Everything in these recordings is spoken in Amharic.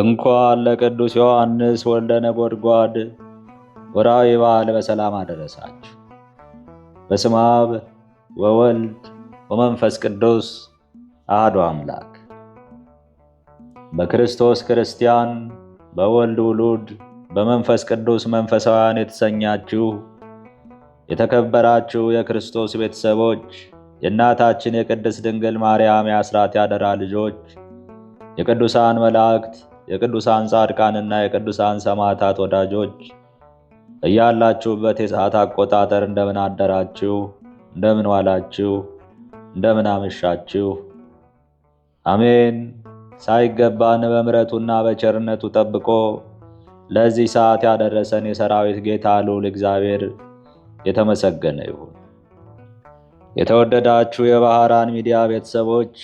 እንኳን ለቅዱስ ዮሐንስ ወልደ ነጎድጓድ ወርሃዊ በዓል በሰላም አደረሳችሁ። በስመ አብ ወወልድ ወመንፈስ ቅዱስ አሐዱ አምላክ። በክርስቶስ ክርስቲያን፣ በወልድ ውሉድ፣ በመንፈስ ቅዱስ መንፈሳውያን የተሰኛችሁ የተከበራችሁ የክርስቶስ ቤተሰቦች የእናታችን የቅድስት ድንግል ማርያም የአስራት ያደራ ልጆች የቅዱሳን መላእክት የቅዱሳን ጻድቃንና የቅዱሳን ሰማዕታት ወዳጆች እያላችሁበት የሰዓት አቆጣጠር እንደምን አደራችሁ? እንደምን ዋላችሁ? እንደምን አመሻችሁ? አሜን። ሳይገባን በምረቱና በቸርነቱ ጠብቆ ለዚህ ሰዓት ያደረሰን የሰራዊት ጌታ ልዑል እግዚአብሔር የተመሰገነ ይሁን። የተወደዳችሁ የባህራን ሚዲያ ቤተሰቦች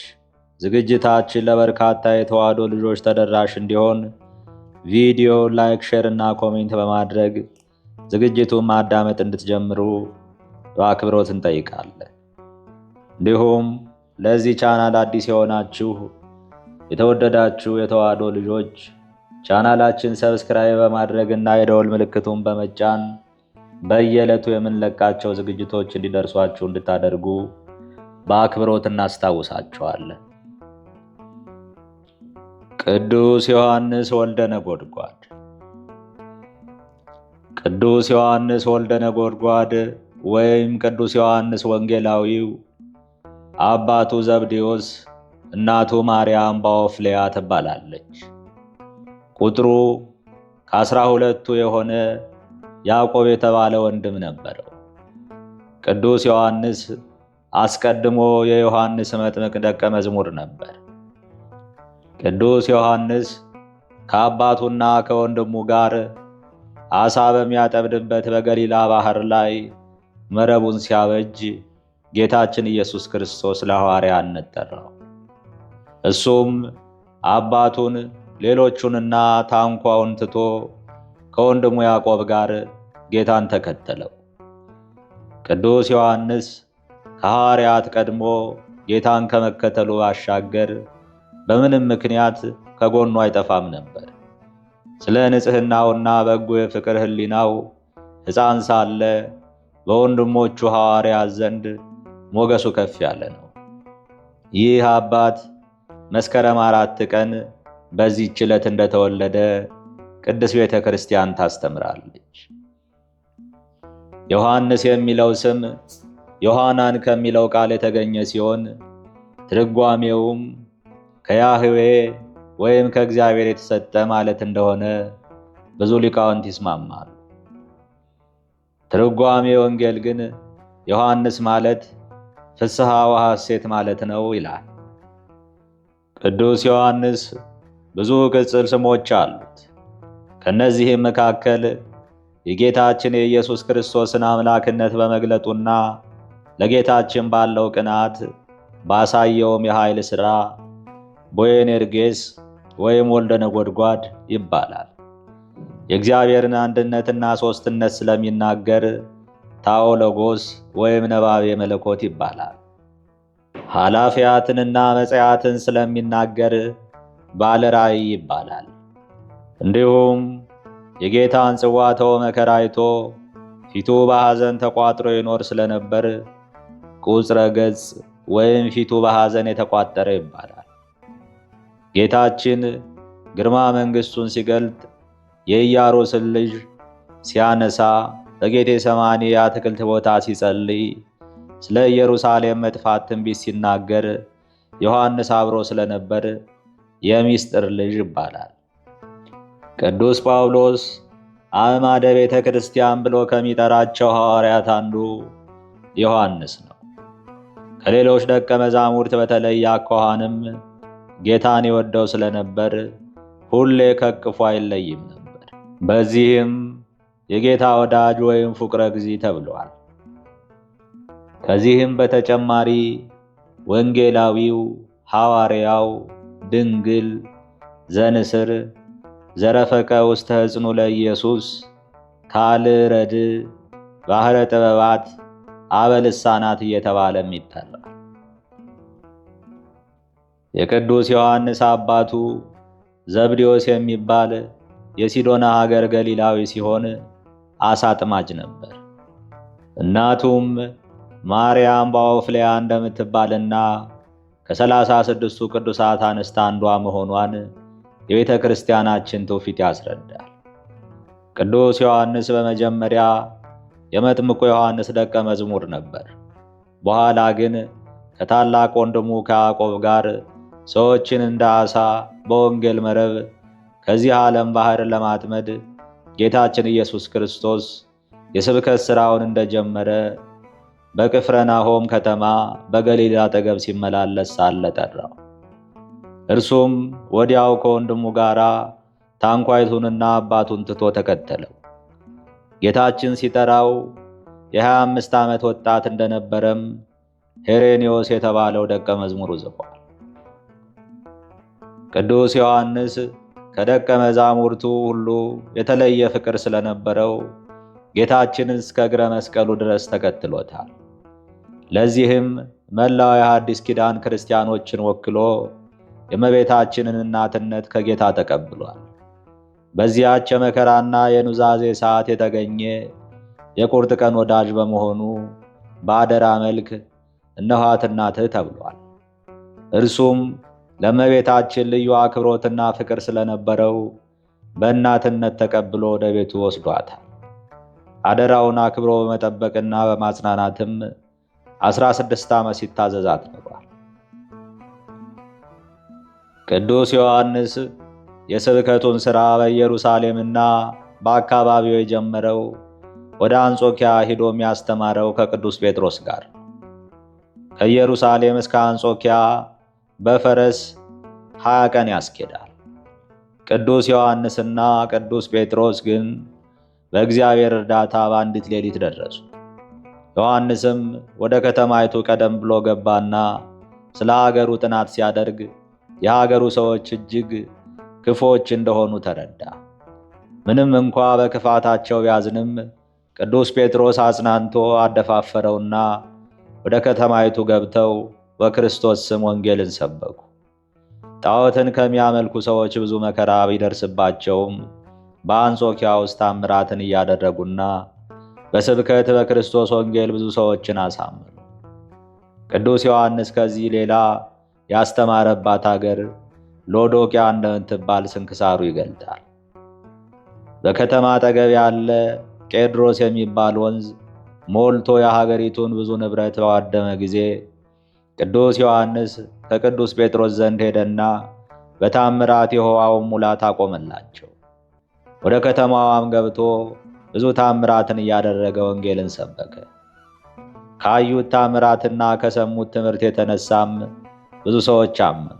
ዝግጅታችን ለበርካታ የተዋህዶ ልጆች ተደራሽ እንዲሆን ቪዲዮ ላይክ፣ ሼር እና ኮሜንት በማድረግ ዝግጅቱን ማዳመጥ እንድትጀምሩ በአክብሮት እንጠይቃለን። እንዲሁም ለዚህ ቻናል አዲስ የሆናችሁ የተወደዳችሁ የተዋህዶ ልጆች ቻናላችን ሰብስክራይብ በማድረግ እና የደወል ምልክቱን በመጫን በየዕለቱ የምንለቃቸው ዝግጅቶች እንዲደርሷችሁ እንድታደርጉ በአክብሮት እናስታውሳችኋለን። ቅዱስ ዮሐንስ ወልደ ነጎድጓድ ቅዱስ ዮሐንስ ወልደ ነጎድጓድ ወይም ቅዱስ ዮሐንስ ወንጌላዊው አባቱ ዘብዴዎስ እናቱ ማርያም ባወፍሌያ ትባላለች። ቁጥሩ ከአስራ ሁለቱ የሆነ ያዕቆብ የተባለ ወንድም ነበረው። ቅዱስ ዮሐንስ አስቀድሞ የዮሐንስ መጥምቅ ደቀ መዝሙር ነበር። ቅዱስ ዮሐንስ ከአባቱና ከወንድሙ ጋር ዓሣ በሚያጠምድበት በገሊላ ባሕር ላይ መረቡን ሲያበጅ ጌታችን ኢየሱስ ክርስቶስ ለሐዋርያነት ጠራው። እሱም አባቱን ሌሎቹንና ታንኳውን ትቶ ከወንድሙ ያዕቆብ ጋር ጌታን ተከተለው። ቅዱስ ዮሐንስ ከሐዋርያት ቀድሞ ጌታን ከመከተሉ ባሻገር በምንም ምክንያት ከጎኑ አይጠፋም ነበር። ስለ ንጽሕናውና በጎ የፍቅር ሕሊናው ሕፃን ሳለ በወንድሞቹ ሐዋርያት ዘንድ ሞገሱ ከፍ ያለ ነው። ይህ አባት መስከረም አራት ቀን በዚህ ችለት እንደተወለደ ቅድስ ቤተ ክርስቲያን ታስተምራለች። ዮሐንስ የሚለው ስም ዮሐናን ከሚለው ቃል የተገኘ ሲሆን ትርጓሜውም ከያህዌ ወይም ከእግዚአብሔር የተሰጠ ማለት እንደሆነ ብዙ ሊቃውንት ይስማማሉ። ትርጓሜ ወንጌል ግን ዮሐንስ ማለት ፍስሐ ወሐሴት ማለት ነው ይላል። ቅዱስ ዮሐንስ ብዙ ቅጽል ስሞች አሉት። ከእነዚህም መካከል የጌታችን የኢየሱስ ክርስቶስን አምላክነት በመግለጡና ለጌታችን ባለው ቅናት ባሳየውም የኃይል ሥራ ቦኤኔርጌስ ወይም ወልደ ነጎድጓድ ይባላል። የእግዚአብሔርን አንድነትና ሦስትነት ስለሚናገር ታኦሎጎስ ወይም ነባቤ መለኮት ይባላል። ኃላፊያትንና መጽያትን ስለሚናገር ባለራይ ይባላል። እንዲሁም የጌታን ጽዋ መከራ አይቶ ፊቱ በሐዘን ተቋጥሮ ይኖር ስለነበር ቁጽረ ገጽ ወይም ፊቱ በሐዘን የተቋጠረ ይባላል። ጌታችን ግርማ መንግሥቱን ሲገልጥ የኢያሮስን ልጅ ሲያነሳ በጌቴ ሰማኒ የአትክልት ቦታ ሲጸልይ ስለ ኢየሩሳሌም መጥፋት ትንቢት ሲናገር ዮሐንስ አብሮ ስለነበር የሚስጥር ልጅ ይባላል። ቅዱስ ጳውሎስ አመማደ ቤተ ክርስቲያን ብሎ ከሚጠራቸው ሐዋርያት አንዱ ዮሐንስ ነው። ከሌሎች ደቀ መዛሙርት በተለይ አኳኋንም ጌታን የወደው ስለነበር ሁሌ ከቅፎ አይለይም ነበር። በዚህም የጌታ ወዳጅ ወይም ፍቅረ ጊዜ ተብሏል። ከዚህም በተጨማሪ ወንጌላዊው ሐዋርያው ድንግል ዘንስር ዘረፈቀ ውስተ ሕጽኑ ለኢየሱስ ካል ረድ ባህረ ጥበባት አበልሳናት እየተባለም ይጠራል። የቅዱስ ዮሐንስ አባቱ ዘብዴዎስ የሚባል የሲዶና ሀገር ገሊላዊ ሲሆን አሳ አጥማጅ ነበር። እናቱም ማርያም ባወፍሌያ እንደምትባልና ከሰላሳ ስድስቱ ቅዱሳት አንስት አንዷ መሆኗን የቤተ ክርስቲያናችን ትውፊት ያስረዳል። ቅዱስ ዮሐንስ በመጀመሪያ የመጥምቁ ዮሐንስ ደቀ መዝሙር ነበር። በኋላ ግን ከታላቅ ወንድሙ ከያዕቆብ ጋር ሰዎችን እንደ ዓሣ በወንጌል መረብ ከዚህ ዓለም ባህር ለማጥመድ ጌታችን ኢየሱስ ክርስቶስ የስብከት ሥራውን እንደጀመረ በቅፍረናሆም ከተማ በገሊላ አጠገብ ሲመላለስ ሳለ ጠራው። እርሱም ወዲያው ከወንድሙ ጋር ታንኳይቱንና አባቱን ትቶ ተከተለው። ጌታችን ሲጠራው የ አምስት ዓመት ወጣት እንደነበረም ሄሬኔዎስ የተባለው ደቀ መዝሙሩ ጽፏል። ቅዱስ ዮሐንስ ከደቀ መዛሙርቱ ሁሉ የተለየ ፍቅር ስለነበረው ጌታችንን እስከ እግረ መስቀሉ ድረስ ተከትሎታል። ለዚህም መላው የሐዲስ ኪዳን ክርስቲያኖችን ወክሎ የእመቤታችንን እናትነት ከጌታ ተቀብሏል። በዚያች የመከራና የኑዛዜ ሰዓት የተገኘ የቁርጥ ቀን ወዳጅ በመሆኑ በአደራ መልክ እነኋት እናትህ ተብሏል። እርሱም ለመቤታችን ልዩ አክብሮትና ፍቅር ስለነበረው በእናትነት ተቀብሎ ወደ ቤቱ ወስዷታል። አደራውን አክብሮ በመጠበቅና በማጽናናትም 16 ዓመት ሲታዘዛት ኖሯል። ቅዱስ ዮሐንስ የስብከቱን ሥራ በኢየሩሳሌምና በአካባቢው የጀመረው ወደ አንጾኪያ ሂዶ የሚያስተማረው ከቅዱስ ጴጥሮስ ጋር ከኢየሩሳሌም እስከ አንጾኪያ በፈረስ ሀያ ቀን ያስኬዳል። ቅዱስ ዮሐንስና ቅዱስ ጴጥሮስ ግን በእግዚአብሔር እርዳታ በአንዲት ሌሊት ደረሱ። ዮሐንስም ወደ ከተማይቱ ቀደም ብሎ ገባና ስለ ሀገሩ ጥናት ሲያደርግ የሀገሩ ሰዎች እጅግ ክፎች እንደሆኑ ተረዳ። ምንም እንኳ በክፋታቸው ቢያዝንም ቅዱስ ጴጥሮስ አጽናንቶ አደፋፈረውና ወደ ከተማይቱ ገብተው በክርስቶስ ስም ወንጌልን ሰበኩ። ጣዖትን ከሚያመልኩ ሰዎች ብዙ መከራ ቢደርስባቸውም በአንጾኪያ ውስጥ ታምራትን እያደረጉና በስብከት በክርስቶስ ወንጌል ብዙ ሰዎችን አሳምኑ። ቅዱስ ዮሐንስ ከዚህ ሌላ ያስተማረባት አገር ሎዶቅያ እንደምትባል ስንክሳሩ ይገልጣል። በከተማ አጠገብ ያለ ቄድሮስ የሚባል ወንዝ ሞልቶ የሀገሪቱን ብዙ ንብረት ባወደመ ጊዜ ቅዱስ ዮሐንስ ከቅዱስ ጴጥሮስ ዘንድ ሄደና በታምራት የውሃውን ሙላት አቆመላቸው። ወደ ከተማዋም ገብቶ ብዙ ታምራትን እያደረገ ወንጌልን ሰበከ። ካዩት ታምራትና ከሰሙት ትምህርት የተነሳም ብዙ ሰዎች አመኑ።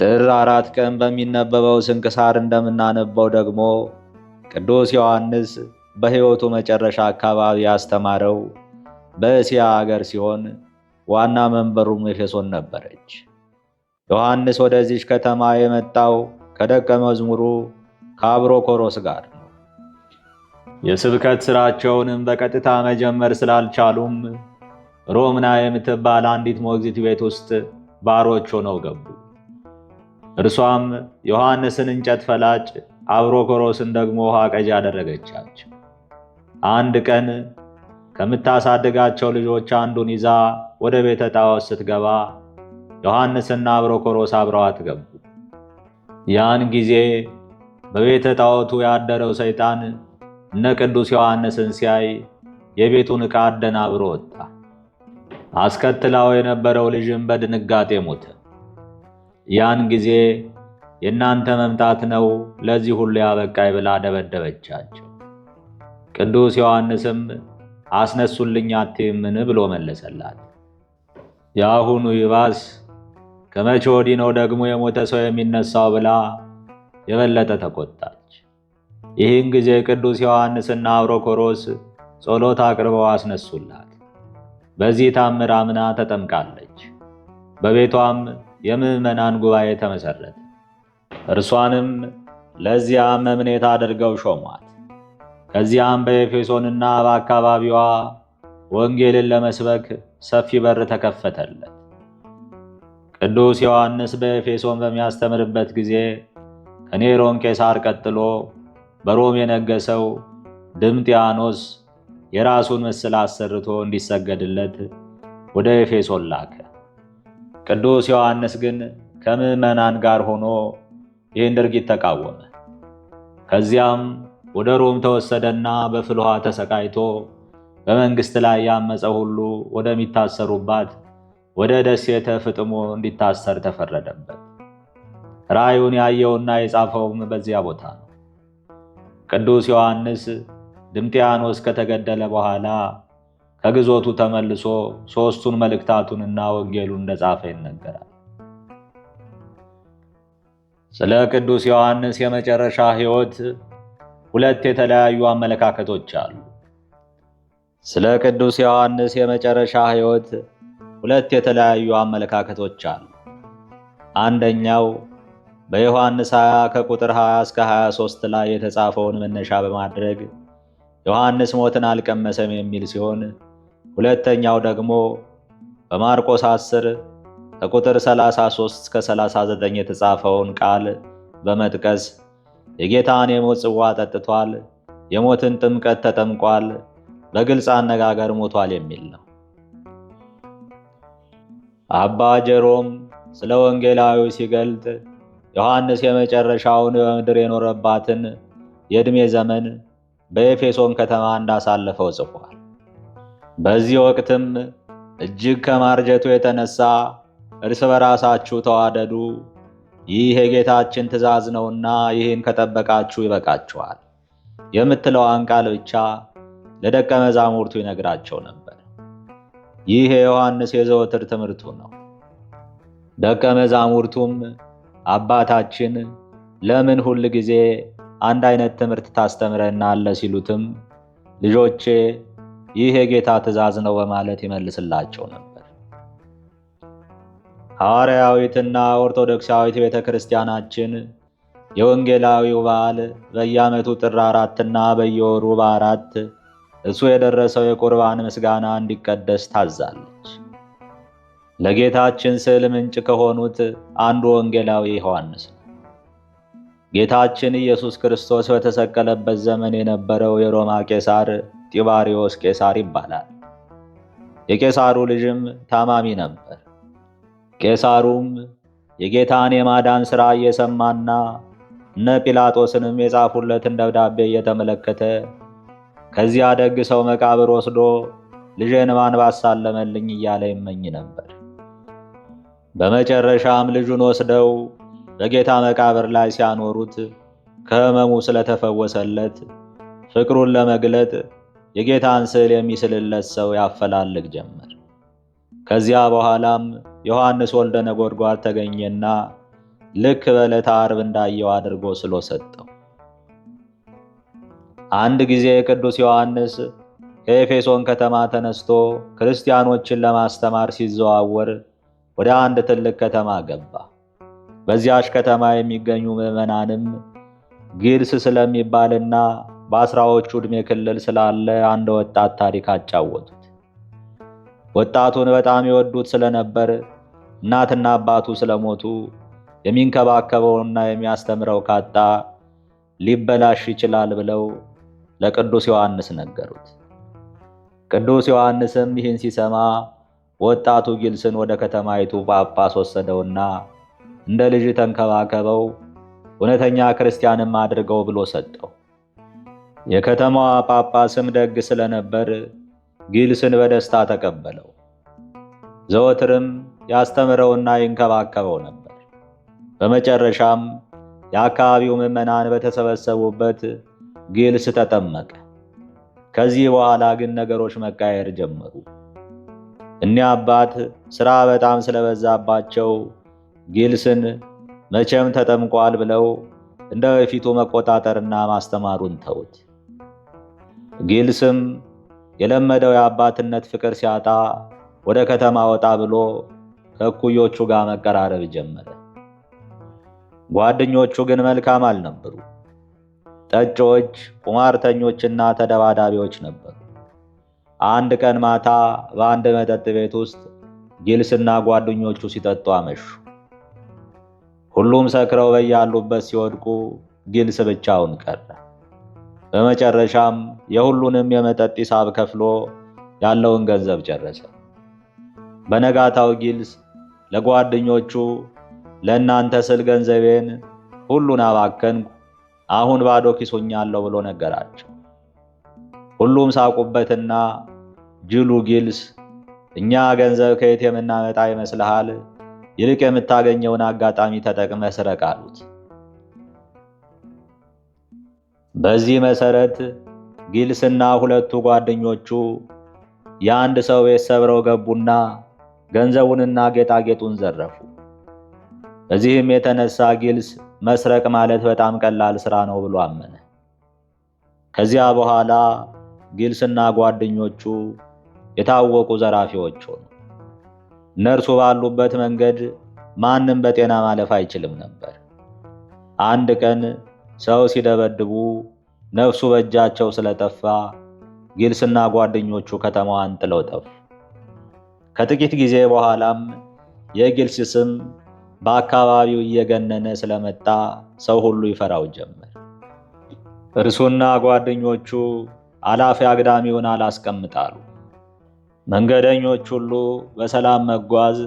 ጥር አራት ቀን በሚነበበው ስንክሳር እንደምናነበው ደግሞ ቅዱስ ዮሐንስ በሕይወቱ መጨረሻ አካባቢ ያስተማረው በእስያ አገር ሲሆን ዋና መንበሩም ኤፌሶን ነበረች። ዮሐንስ ወደዚች ከተማ የመጣው ከደቀ መዝሙሩ ከአብሮኮሮስ ጋር ነው። የስብከት ሥራቸውንም በቀጥታ መጀመር ስላልቻሉም ሮምና የምትባል አንዲት ሞግዚት ቤት ውስጥ ባሮች ሆነው ገቡ። እርሷም ዮሐንስን እንጨት ፈላጭ፣ አብሮኮሮስን ደግሞ ውሃ ቀዣ አደረገቻቸው። አንድ ቀን ከምታሳድጋቸው ልጆች አንዱን ይዛ ወደ ቤተ ጣዖት ስትገባ ዮሐንስና አብሮኮሮስ አብረዋት ገቡ። ያን ጊዜ በቤተ ጣዖቱ ያደረው ሰይጣን እነ ቅዱስ ዮሐንስን ሲያይ የቤቱን ዕቃ አደናብሮ ወጣ። አስከትላው የነበረው ልጅም በድንጋጤ ሞተ። ያን ጊዜ የእናንተ መምጣት ነው ለዚህ ሁሉ ያበቃይ ብላ ደበደበቻቸው። ቅዱስ ዮሐንስም አስነሱልኝ አትይምን ብሎ መለሰላት። የአሁኑ ይባስ ከመቼ ወዲህ ነው ደግሞ የሞተ ሰው የሚነሳው ብላ የበለጠ ተቆጣች። ይህን ጊዜ ቅዱስ ዮሐንስና አብሮኮሮስ ጸሎት አቅርበው አስነሱላት። በዚህ ታምር አምና ተጠምቃለች። በቤቷም የምዕመናን ጉባኤ ተመሰረተ። እርሷንም ለዚያ መምኔት አድርገው ሾሟት። ከዚያም በኤፌሶንና በአካባቢዋ ወንጌልን ለመስበክ ሰፊ በር ተከፈተለት። ቅዱስ ዮሐንስ በኤፌሶን በሚያስተምርበት ጊዜ ከኔሮን ቄሳር ቀጥሎ በሮም የነገሰው ድምጥያኖስ የራሱን ምስል አሰርቶ እንዲሰገድለት ወደ ኤፌሶን ላከ። ቅዱስ ዮሐንስ ግን ከምዕመናን ጋር ሆኖ ይህን ድርጊት ተቃወመ። ከዚያም ወደ ሮም ተወሰደና በፍልሃ ተሰቃይቶ በመንግሥት ላይ ያመፀ ሁሉ ወደሚታሰሩባት ወደ ደሴተ ፍጥሞ እንዲታሰር ተፈረደበት። ራእዩን ያየውና የጻፈውም በዚያ ቦታ ነው። ቅዱስ ዮሐንስ ድምጥያኖስ ከተገደለ በኋላ ከግዞቱ ተመልሶ ሦስቱን መልእክታቱንና ወንጌሉን እንደጻፈ ይነገራል። ስለ ቅዱስ ዮሐንስ የመጨረሻ ሕይወት ሁለት የተለያዩ አመለካከቶች አሉ። ስለ ቅዱስ ዮሐንስ የመጨረሻ ሕይወት ሁለት የተለያዩ አመለካከቶች አሉ። አንደኛው በዮሐንስ 20 ከቁጥር 20 እስከ 23 ላይ የተጻፈውን መነሻ በማድረግ ዮሐንስ ሞትን አልቀመሰም የሚል ሲሆን ሁለተኛው ደግሞ በማርቆስ 10 ከቁጥር 33 እስከ 39 የተጻፈውን ቃል በመጥቀስ የጌታን የሞት ጽዋ ጠጥቷል፣ የሞትን ጥምቀት ተጠምቋል፣ በግልጽ አነጋገር ሞቷል የሚል ነው። አባ ጀሮም ስለ ወንጌላዊ ሲገልጥ ዮሐንስ የመጨረሻውን በምድር የኖረባትን የዕድሜ ዘመን በኤፌሶን ከተማ እንዳሳለፈው ጽፏል። በዚህ ወቅትም እጅግ ከማርጀቱ የተነሳ እርስ በራሳችሁ ተዋደዱ ይህ የጌታችን ትእዛዝ ነውና ይህን ከጠበቃችሁ ይበቃችኋል የምትለዋን ቃል ብቻ ለደቀ መዛሙርቱ ይነግራቸው ነበር። ይህ የዮሐንስ የዘወትር ትምህርቱ ነው። ደቀ መዛሙርቱም አባታችን ለምን ሁል ጊዜ አንድ አይነት ትምህርት ታስተምረናለህ? ሲሉትም ልጆቼ ይህ የጌታ ትእዛዝ ነው በማለት ይመልስላቸው ነበር። ሐዋርያዊትና ኦርቶዶክሳዊት ቤተ ክርስቲያናችን የወንጌላዊው በዓል በየዓመቱ ጥር አራትና በየወሩ በአራት እሱ የደረሰው የቁርባን ምስጋና እንዲቀደስ ታዛለች። ለጌታችን ስዕል ምንጭ ከሆኑት አንዱ ወንጌላዊ ዮሐንስ ነው። ጌታችን ኢየሱስ ክርስቶስ በተሰቀለበት ዘመን የነበረው የሮማ ቄሳር ጢባሪዎስ ቄሳር ይባላል። የቄሳሩ ልጅም ታማሚ ነበር። ቄሳሩም የጌታን የማዳን ሥራ እየሰማና እነ ጲላጦስንም የጻፉለትን ደብዳቤ እየተመለከተ ከዚያ ደግ ሰው መቃብር ወስዶ ልጄን ማን ባሳለመልኝ እያለ ይመኝ ነበር። በመጨረሻም ልጁን ወስደው በጌታ መቃብር ላይ ሲያኖሩት ከሕመሙ ስለተፈወሰለት ፍቅሩን ለመግለጥ የጌታን ስዕል የሚስልለት ሰው ያፈላልግ ጀመር። ከዚያ በኋላም ዮሐንስ ወልደ ነጎድጓድ ተገኘና ልክ በዕለተ ዓርብ እንዳየው አድርጎ ስሎ ሰጠው። አንድ ጊዜ ቅዱስ ዮሐንስ ከኤፌሶን ከተማ ተነስቶ ክርስቲያኖችን ለማስተማር ሲዘዋወር ወደ አንድ ትልቅ ከተማ ገባ። በዚያች ከተማ የሚገኙ ምዕመናንም ጊልስ ስለሚባልና በአስራዎቹ ዕድሜ ክልል ስላለ አንድ ወጣት ታሪክ አጫወቱ። ወጣቱን በጣም ይወዱት ስለነበር እናትና አባቱ ስለሞቱ የሚንከባከበውና የሚያስተምረው ካጣ ሊበላሽ ይችላል ብለው ለቅዱስ ዮሐንስ ነገሩት። ቅዱስ ዮሐንስም ይህን ሲሰማ ወጣቱ ጊልስን ወደ ከተማይቱ ጳጳስ ወሰደውና እንደ ልጅ ተንከባከበው፣ እውነተኛ ክርስቲያንም አድርገው ብሎ ሰጠው። የከተማዋ ጳጳስም ደግ ስለነበር ጊልስን በደስታ ተቀበለው። ዘወትርም ያስተምረውና ይንከባከበው ነበር። በመጨረሻም የአካባቢው ምዕመናን በተሰበሰቡበት ጊልስ ተጠመቀ። ከዚህ በኋላ ግን ነገሮች መቃየር ጀመሩ። እኒህ አባት ሥራ በጣም ስለበዛባቸው ጊልስን መቼም ተጠምቋል ብለው እንደ በፊቱ መቆጣጠርና ማስተማሩን ተውት። ጊልስም የለመደው የአባትነት ፍቅር ሲያጣ ወደ ከተማ ወጣ ብሎ ከእኩዮቹ ጋር መቀራረብ ጀመረ። ጓደኞቹ ግን መልካም አልነበሩ። ጠጮች፣ ቁማርተኞችና ተደባዳቢዎች ነበሩ። አንድ ቀን ማታ በአንድ መጠጥ ቤት ውስጥ ጊልስና ጓደኞቹ ሲጠጡ አመሹ። ሁሉም ሰክረው በያሉበት ሲወድቁ ጊልስ ብቻውን ቀረ። በመጨረሻም የሁሉንም የመጠጥ ሂሳብ ከፍሎ ያለውን ገንዘብ ጨረሰ። በነጋታው ጊልስ ለጓደኞቹ ለእናንተ ስል ገንዘቤን ሁሉን አባከንኩ፣ አሁን ባዶ ኪሶኛለሁ ብሎ ነገራቸው። ሁሉም ሳቁበትና ጅሉ ጊልስ እኛ ገንዘብ ከየት የምናመጣ ይመስልሃል? ይልቅ የምታገኘውን አጋጣሚ ተጠቅመ ስረቅ አሉት። በዚህ መሰረት ጊልስና ሁለቱ ጓደኞቹ የአንድ ሰው ቤት ሰብረው ገቡና ገንዘቡንና ጌጣጌጡን ዘረፉ። እዚህም የተነሳ ጊልስ መስረቅ ማለት በጣም ቀላል ስራ ነው ብሎ አመነ። ከዚያ በኋላ ጊልስና ጓደኞቹ የታወቁ ዘራፊዎች ሆኑ። እነርሱ ባሉበት መንገድ ማንም በጤና ማለፍ አይችልም ነበር። አንድ ቀን ሰው ሲደበድቡ ነፍሱ በእጃቸው ስለጠፋ ጊልስና ጓደኞቹ ከተማዋን ጥለው ጠፉ። ከጥቂት ጊዜ በኋላም የጊልስ ስም በአካባቢው እየገነነ ስለመጣ ሰው ሁሉ ይፈራው ጀመር። እርሱና ጓደኞቹ አላፊ አግዳሚውን አላስቀምጣሉ። መንገደኞች ሁሉ በሰላም መጓዝ፣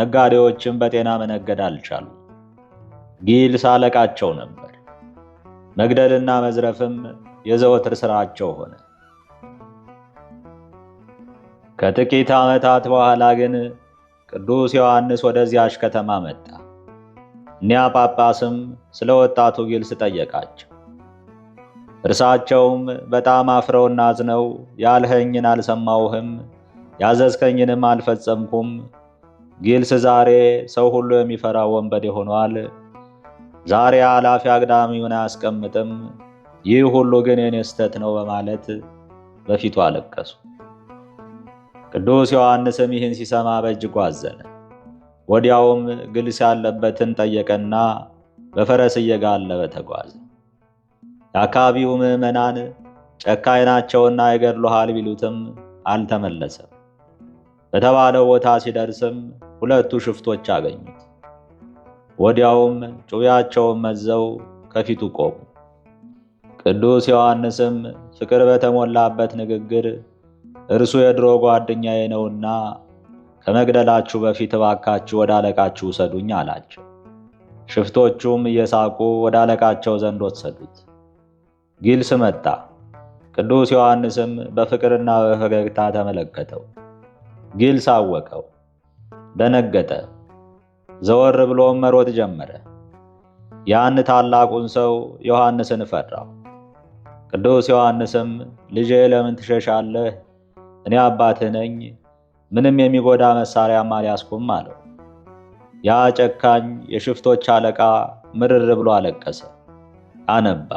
ነጋዴዎችን በጤና መነገድ አልቻሉ። ጊልስ አለቃቸው ነበር። መግደልና መዝረፍም የዘወትር ስራቸው ሆነ። ከጥቂት ዓመታት በኋላ ግን ቅዱስ ዮሐንስ ወደዚያች ከተማ መጣ። እኒያ ጳጳስም ስለ ወጣቱ ጊልስ ጠየቃቸው። እርሳቸውም በጣም አፍረውና አዝነው ያልኸኝን አልሰማውህም፣ ያዘዝከኝንም አልፈጸምኩም፣ ጊልስ ዛሬ ሰው ሁሉ የሚፈራ ወንበዴ ሆኗል ዛሬ ኃላፊ አግዳሚውን አያስቀምጥም፣ ይህ ሁሉ ግን የኔ ስተት ነው በማለት በፊቱ አለቀሱ። ቅዱስ ዮሐንስም ይህን ሲሰማ በእጅጉ አዘነ። ወዲያውም ግልስ ያለበትን ጠየቀና በፈረስ እየጋለበ ተጓዘ። የአካባቢው ምዕመናን ጨካኝ ናቸውና ይገድሉሃል ቢሉትም አልተመለሰም። በተባለው ቦታ ሲደርስም ሁለቱ ሽፍቶች አገኙት። ወዲያውም ጩቤያቸውን መዘው ከፊቱ ቆሙ። ቅዱስ ዮሐንስም ፍቅር በተሞላበት ንግግር እርሱ የድሮ ጓደኛዬ ነውና ከመግደላችሁ በፊት እባካችሁ ወደ አለቃችሁ ውሰዱኝ አላቸው። ሽፍቶቹም እየሳቁ ወደ አለቃቸው ዘንድ ወሰዱት። ጊልስ መጣ። ቅዱስ ዮሐንስም በፍቅርና በፈገግታ ተመለከተው። ጊልስ አወቀው፣ ደነገጠ። ዘወር ብሎም መሮጥ ጀመረ። ያን ታላቁን ሰው ዮሐንስን ፈራው። ቅዱስ ዮሐንስም ልጄ ለምን ትሸሻለህ? እኔ አባትህ ነኝ፣ ምንም የሚጎዳ መሳሪያም አልያዝኩም አለው። ያ ጨካኝ የሽፍቶች አለቃ ምርር ብሎ አለቀሰ፣ አነባ።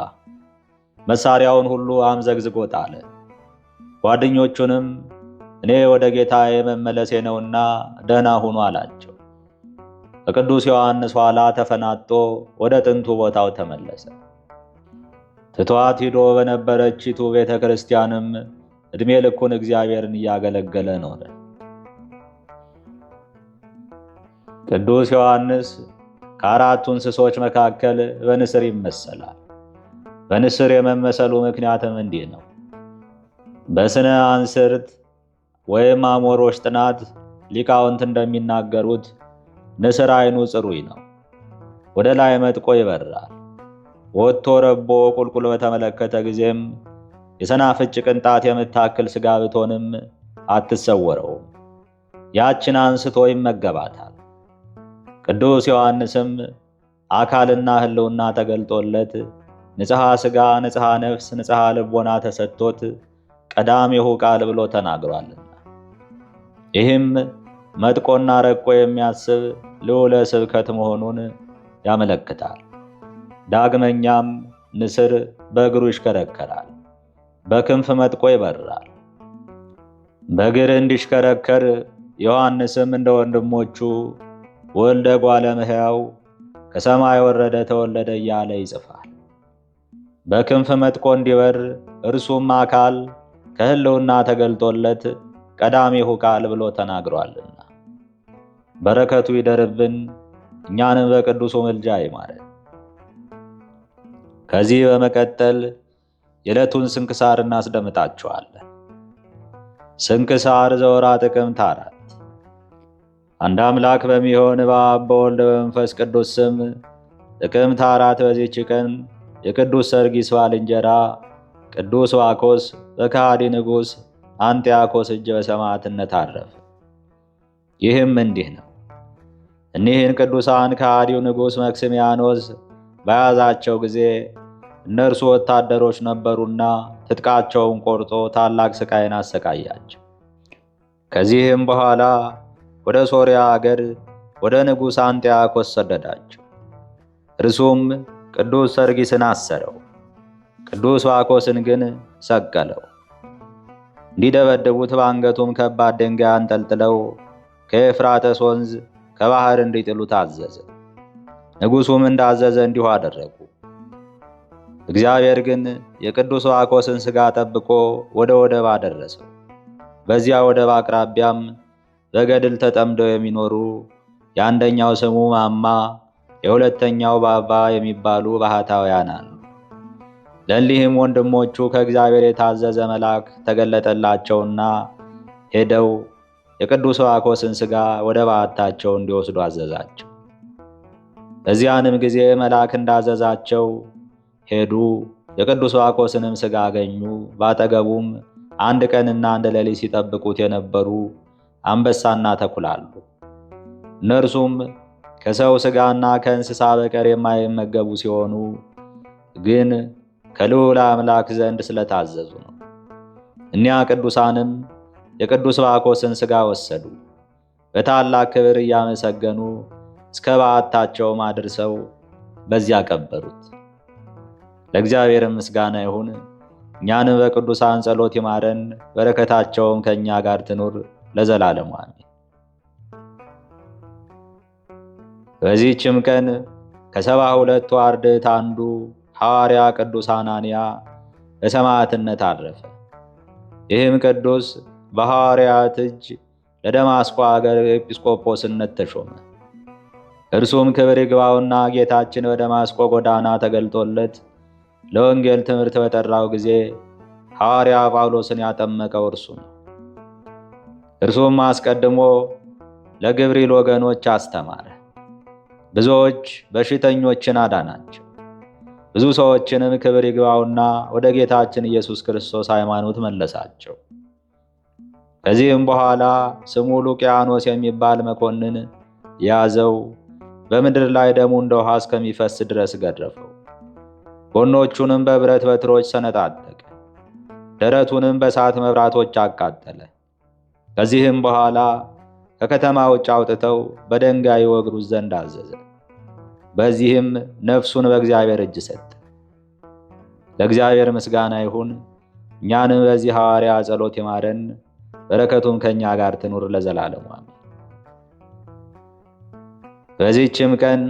መሳሪያውን ሁሉ አምዘግዝጎ ጣለ። ጓደኞቹንም እኔ ወደ ጌታዬ መመለሴ ነውና ደህና ሁኑ አላቸው። ከቅዱስ ዮሐንስ ኋላ ተፈናጦ ወደ ጥንቱ ቦታው ተመለሰ። ትቷት ሂዶ በነበረችቱ ቤተ ክርስቲያንም ዕድሜ ልኩን እግዚአብሔርን እያገለገለ ኖረ። ቅዱስ ዮሐንስ ከአራቱ እንስሶች መካከል በንስር ይመሰላል። በንስር የመመሰሉ ምክንያትም እንዲህ ነው። በስነ አንስርት ወይም አሞሮች ጥናት ሊቃውንት እንደሚናገሩት ንስር አይኑ ጽሩይ ነው፣ ወደ ላይ መጥቆ ይበራል። ወጥቶ ረቦ ቁልቁል በተመለከተ ጊዜም የሰናፍጭ ቅንጣት የምታክል ስጋ ብትሆንም አትሰወረውም። ያችን አንስቶ ይመገባታል። ቅዱስ ዮሐንስም አካልና ሕልውና ተገልጦለት ንጽሐ ስጋ፣ ንጽሐ ነፍስ፣ ንጽሐ ልቦና ተሰጥቶት ቀዳሚሁ ቃል ብሎ ተናግሯልና ይህም መጥቆና ረቆ የሚያስብ ልዑለ ስብከት መሆኑን ያመለክታል። ዳግመኛም ንስር በእግሩ ይሽከረከራል፣ በክንፍ መጥቆ ይበራል። በእግር እንዲሽከረከር ዮሐንስም እንደ ወንድሞቹ ወልደ ጓለ ከሰማይ ወረደ ተወለደ እያለ ይጽፋል። በክንፍ መጥቆ እንዲበር እርሱም አካል ከህልውና ተገልጦለት ቀዳሚሁ ቃል ብሎ ተናግሯልና በረከቱ ይደርብን፣ እኛንም በቅዱሱ ምልጃ ይማረን። ከዚህ በመቀጠል የዕለቱን ስንክሳር እናስደምጣችኋለን። ስንክሳር ዘወርኃ ጥቅምት አራት አንድ አምላክ በሚሆን በአብ በወልድ በመንፈስ ቅዱስ ስም ጥቅምት አራት በዚች ቀን የቅዱስ ሰርጊስ ባልንጀራ ቅዱስ ዋኮስ በከሃዲ ንጉሥ አንጢያኮስ እጅ በሰማዕትነት አረፈ። ይህም እንዲህ ነው። እኒህን ቅዱሳን ከሃዲው ንጉሥ መክስሚያኖስ በያዛቸው ጊዜ እነርሱ ወታደሮች ነበሩና ትጥቃቸውን ቆርጦ ታላቅ ስቃይን አሰቃያቸው። ከዚህም በኋላ ወደ ሶርያ አገር ወደ ንጉሥ አንጢያኮስ ሰደዳቸው። እርሱም ቅዱስ ሰርጊስን አሰረው፣ ቅዱስ ባኮስን ግን ሰቀለው። እንዲደበድቡት በአንገቱም ከባድ ድንጋይ አንጠልጥለው ከኤፍራተስ ወንዝ ከባህር እንዲጥሉ ታዘዘ። ንጉሡም እንዳዘዘ እንዲሁ አደረጉ። እግዚአብሔር ግን የቅዱስ ዋኮስን ሥጋ ጠብቆ ወደ ወደብ አደረሰው። በዚያ ወደብ አቅራቢያም በገድል ተጠምደው የሚኖሩ የአንደኛው ስሙ ማማ የሁለተኛው ባባ የሚባሉ ባህታውያን አሉ። ለእሊህም ወንድሞቹ ከእግዚአብሔር የታዘዘ መልአክ ተገለጠላቸውና ሄደው የቅዱስ ዋኮስን ሥጋ ወደ ባዕታቸው እንዲወስዱ አዘዛቸው። በዚያንም ጊዜ መልአክ እንዳዘዛቸው ሄዱ። የቅዱስ ዋኮስንም ሥጋ አገኙ። ባጠገቡም አንድ ቀንና አንድ ሌሊት ሲጠብቁት የነበሩ አንበሳና ተኩላ አሉ። እነርሱም ከሰው ሥጋና ከእንስሳ በቀር የማይመገቡ ሲሆኑ ግን ከልዑል አምላክ ዘንድ ስለታዘዙ ነው። እኒያ ቅዱሳንም የቅዱስ ባኮስን ሥጋ ወሰዱ። በታላቅ ክብር እያመሰገኑ እስከ በዓታቸውም አድርሰው በዚያ ቀበሩት። ለእግዚአብሔር ምስጋና ይሁን። እኛንም በቅዱሳን ጸሎት ይማረን፣ በረከታቸውም ከእኛ ጋር ትኑር ለዘላለሙ አሜን። በዚህችም ቀን ከሰባ ሁለቱ አርድእት አንዱ ሐዋርያ ቅዱስ አናንያ በሰማዕትነት አረፈ። ይህም ቅዱስ በሐዋርያት እጅ ለደማስቆ አገር ኤጲስቆጶስነት ተሾመ። እርሱም ክብር ይግባውና ጌታችን በደማስቆ ጎዳና ተገልጦለት ለወንጌል ትምህርት በጠራው ጊዜ ሐዋርያ ጳውሎስን ያጠመቀው እርሱ ነው። እርሱም አስቀድሞ ለግብሪል ወገኖች አስተማረ። ብዙዎች በሽተኞችን አዳናቸው። ብዙ ሰዎችንም ክብር ይግባውና ወደ ጌታችን ኢየሱስ ክርስቶስ ሃይማኖት መለሳቸው። ከዚህም በኋላ ስሙ ሉቅያኖስ የሚባል መኮንን ያዘው፣ በምድር ላይ ደሙ እንደ ውሃ እስከሚፈስ ድረስ ገረፈው። ጎኖቹንም በብረት በትሮች ሰነጣጠቀ፣ ደረቱንም በእሳት መብራቶች አቃጠለ። ከዚህም በኋላ ከከተማ ውጭ አውጥተው በድንጋይ ይወግሩት ዘንድ አዘዘ። በዚህም ነፍሱን በእግዚአብሔር እጅ ሰጠ። ለእግዚአብሔር ምስጋና ይሁን፣ እኛንም በዚህ ሐዋርያ ጸሎት ይማረን። በረከቱም ከእኛ ጋር ትኑር ለዘላለሙ አሜን። በዚህችም ቀን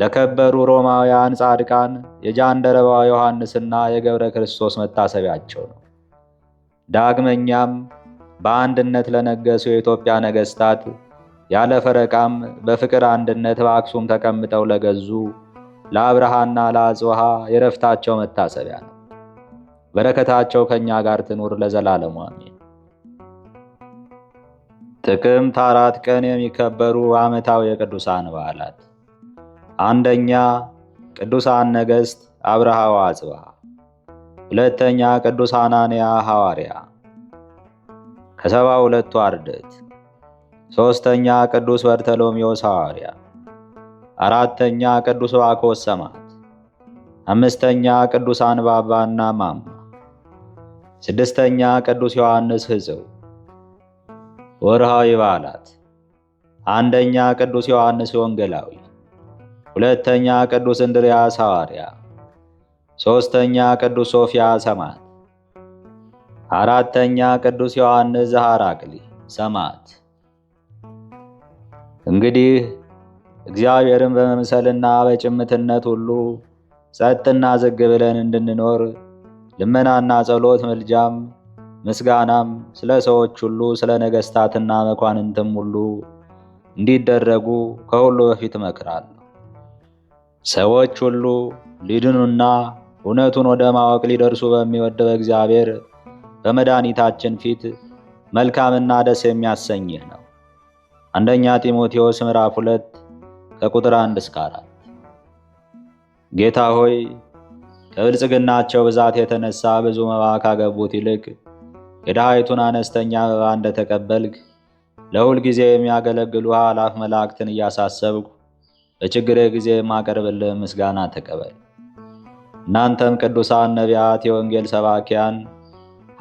ለከበሩ ሮማውያን ጻድቃን የጃንደረባው ዮሐንስና የገብረ ክርስቶስ መታሰቢያቸው ነው። ዳግመኛም በአንድነት ለነገሱ የኢትዮጵያ ነገሥታት ያለ ፈረቃም በፍቅር አንድነት በአክሱም ተቀምጠው ለገዙ ለአብርሃና ለአጽብሃ የረፍታቸው መታሰቢያ ነው። በረከታቸው ከእኛ ጋር ትኑር ለዘላለሙ አሜን። ጥቅምት አራት ቀን የሚከበሩ ዓመታዊ የቅዱሳን በዓላት፣ አንደኛ ቅዱሳን ነገሥት አብርሃ ወአጽብሃ፣ ሁለተኛ ቅዱስ ሐናንያ ሐዋርያ ከሰባ ሁለቱ አርድእት፣ ሦስተኛ ቅዱስ በርተሎሜዎስ ሐዋርያ፣ አራተኛ ቅዱስ ባኮስ ሰማዕት፣ አምስተኛ ቅዱሳን ባባና ማማ፣ ስድስተኛ ቅዱስ ዮሐንስ ሕጽው ወርሃዊ በዓላት አንደኛ ቅዱስ ዮሐንስ ወንጌላዊ፣ ሁለተኛ ቅዱስ እንድርያስ ሐዋርያ፣ ሦስተኛ ቅዱስ ሶፊያ ሰማዕት፣ አራተኛ ቅዱስ ዮሐንስ ዘሐራቅሊ ሰማዕት። እንግዲህ እግዚአብሔርን በመምሰልና በጭምትነት ሁሉ ጸጥና ዝግ ብለን እንድንኖር ልመናና ጸሎት መልጃም ምስጋናም ስለ ሰዎች ሁሉ ስለ ነገሥታትና መኳንንትም ሁሉ እንዲደረጉ ከሁሉ በፊት እመክራለሁ። ሰዎች ሁሉ ሊድኑና እውነቱን ወደ ማወቅ ሊደርሱ በሚወድ በእግዚአብሔር በመድኃኒታችን ፊት መልካምና ደስ የሚያሰኝህ ነው። አንደኛ ጢሞቴዎስ ምዕራፍ ሁለት ከቁጥር አንድ እስከ አራት ጌታ ሆይ ከብልጽግናቸው ብዛት የተነሳ ብዙ መባ ካገቡት ይልቅ የድሃይቱን አነስተኛ መባ እንደተቀበልግ ለሁል ጊዜ የሚያገለግሉ አላፍ መላእክትን እያሳሰብኩ በችግር ጊዜ የማቀርብልህ ምስጋና ተቀበል። እናንተም ቅዱሳን ነቢያት፣ የወንጌል ሰባኪያን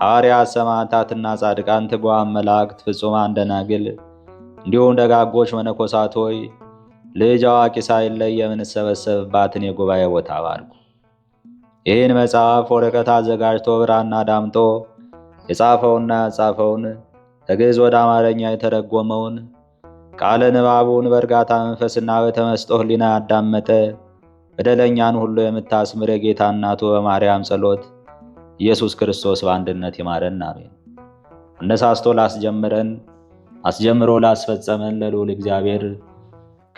ሐዋርያት፣ ሰማዕታትና ጻድቃን፣ ትጉሃን መላእክት፣ ፍጹማን ደናግል፣ እንዲሁም ደጋጎች መነኮሳት ሆይ ልጅ አዋቂ ሳይለይ የምንሰበሰብባትን የጉባኤ ቦታ ባርኩ። ይህን መጽሐፍ ወረቀት አዘጋጅቶ ብራና ዳምጦ የጻፈውና ያጻፈውን ከግዕዝ ወደ አማርኛ የተረጎመውን ቃለ ንባቡን በእርጋታ መንፈስና በተመስጦ ሕሊና ያዳመጠ በደለኛን ሁሉ የምታስምር የጌታ እናቱ በማርያም ጸሎት ኢየሱስ ክርስቶስ በአንድነት ይማረን፣ አሜን። አነሳስቶ ላስጀምረን አስጀምሮ ላስፈጸመን ለልዑል እግዚአብሔር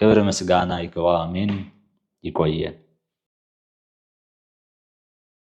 ክብር ምስጋና ይግባው፣ አሜን። ይቆየን።